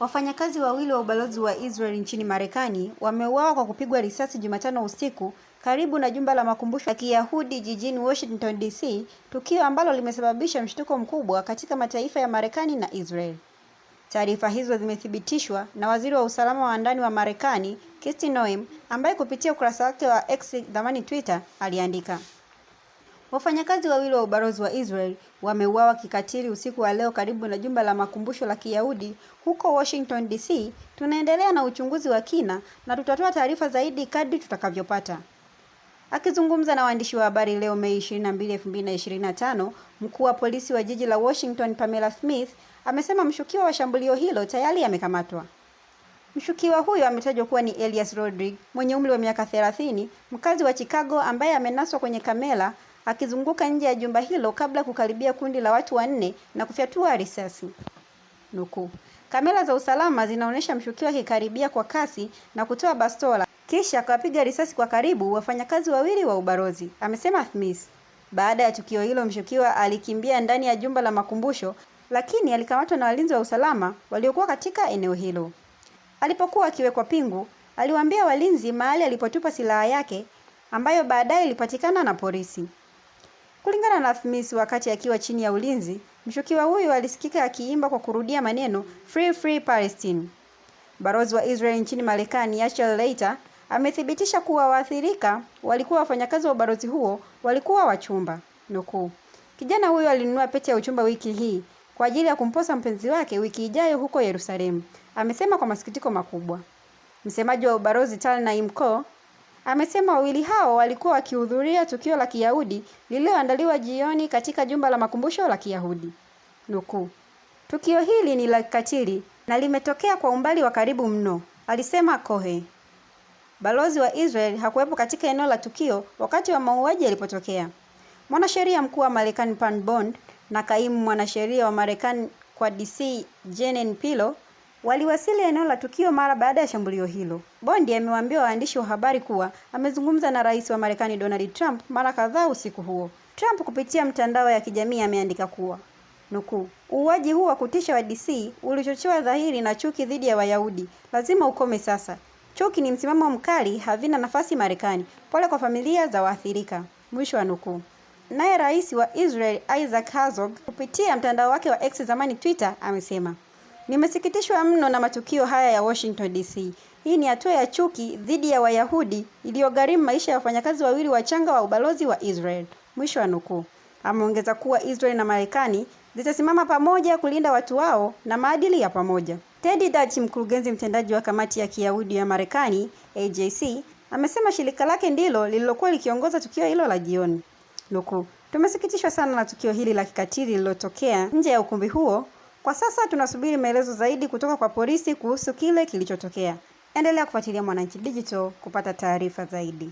Wafanyakazi wawili wa ubalozi wa Israel nchini Marekani wameuawa kwa kupigwa risasi Jumatano usiku karibu na jumba la makumbusho ya Kiyahudi jijini Washington DC, tukio ambalo limesababisha mshtuko mkubwa katika mataifa ya Marekani na Israel. Taarifa hizo zimethibitishwa na Waziri wa Usalama wa Ndani wa Marekani, Kristi Noem, ambaye kupitia ukurasa wake wa X zamani Twitter, aliandika Wafanyakazi wawili wa ubalozi wa Israel wameuawa kikatili usiku wa leo karibu na jumba la makumbusho la Kiyahudi huko Washington DC. Tunaendelea na uchunguzi wa kina na tutatoa taarifa zaidi kadri tutakavyopata. Akizungumza na waandishi wa habari leo Mei 22, 2025, mkuu wa polisi wa jiji la Washington Pamela Smith amesema mshukiwa wa shambulio hilo tayari amekamatwa. Mshukiwa huyo ametajwa kuwa ni Elias Rodrigue mwenye umri wa miaka 30, mkazi wa Chicago ambaye amenaswa kwenye kamera akizunguka nje ya jumba hilo kabla kukaribia kundi la watu wanne na kufyatua risasi. nuku kamera za usalama zinaonyesha mshukiwa akikaribia kwa kasi na kutoa bastola kisha akawapiga risasi kwa karibu wafanyakazi wawili wa ubalozi, amesema Smith. Baada ya tukio hilo, mshukiwa alikimbia ndani ya jumba la makumbusho, lakini alikamatwa na walinzi wa usalama waliokuwa katika eneo hilo. Alipokuwa akiwekwa pingu, aliwaambia walinzi mahali alipotupa silaha yake ambayo baadaye ilipatikana na polisi. Kulingana na Alhamisi wakati akiwa chini ya ulinzi, mshukiwa huyo alisikika akiimba kwa kurudia maneno Free Free Palestine. Balozi wa Israel nchini Marekani Yashel Leiter amethibitisha kuwa waathirika walikuwa wafanyakazi wa ubalozi huo walikuwa wachumba. Nukuu, kijana huyo alinunua pete ya uchumba wiki hii kwa ajili ya kumposa mpenzi wake wiki ijayo huko Yerusalemu, amesema kwa masikitiko makubwa. Msemaji wa ubalozi Tal Naim amesema wawili hao walikuwa wakihudhuria tukio la Kiyahudi lililoandaliwa jioni katika jumba la makumbusho la Kiyahudi. Nukuu, tukio hili ni la kikatili na limetokea kwa umbali wa karibu mno, alisema kohe Balozi wa Israel hakuwepo katika eneo la tukio wakati wa mauaji yalipotokea. Mwanasheria mkuu wa Marekani Pam Bond na kaimu mwanasheria wa Marekani kwa DC Jeanine Pirro Waliwasili eneo la tukio mara baada ya shambulio hilo. Bondi amewaambia waandishi wa habari kuwa amezungumza na Rais wa Marekani Donald Trump mara kadhaa usiku huo. Trump kupitia mtandao ya kijamii ameandika kuwa nukuu, uuaji huu wa kutisha wa DC ulichochewa dhahiri na chuki dhidi ya Wayahudi, lazima ukome sasa. Chuki ni msimamo mkali, havina nafasi Marekani. Pole kwa familia za waathirika, mwisho wa nukuu. Naye rais wa Israel Isaac Herzog kupitia mtandao wake wa X zamani Twitter amesema Nimesikitishwa mno na matukio haya ya Washington DC. Hii ni hatua ya chuki dhidi ya Wayahudi iliyogharimu maisha ya wafanyakazi wawili wachanga wa ubalozi wa Israel. Mwisho wa nukuu. Ameongeza kuwa Israel na Marekani zitasimama pamoja kulinda watu wao na maadili ya pamoja. Teddy Dutch, mkurugenzi mtendaji wa kamati ya Kiyahudi ya Marekani AJC, amesema shirika lake ndilo lililokuwa likiongoza tukio hilo la jioni. Nukuu, tumesikitishwa sana na tukio hili la kikatili lililotokea nje ya ukumbi huo kwa sasa tunasubiri maelezo zaidi kutoka kwa polisi kuhusu kile kilichotokea. Endelea kufuatilia Mwananchi Digital kupata taarifa zaidi.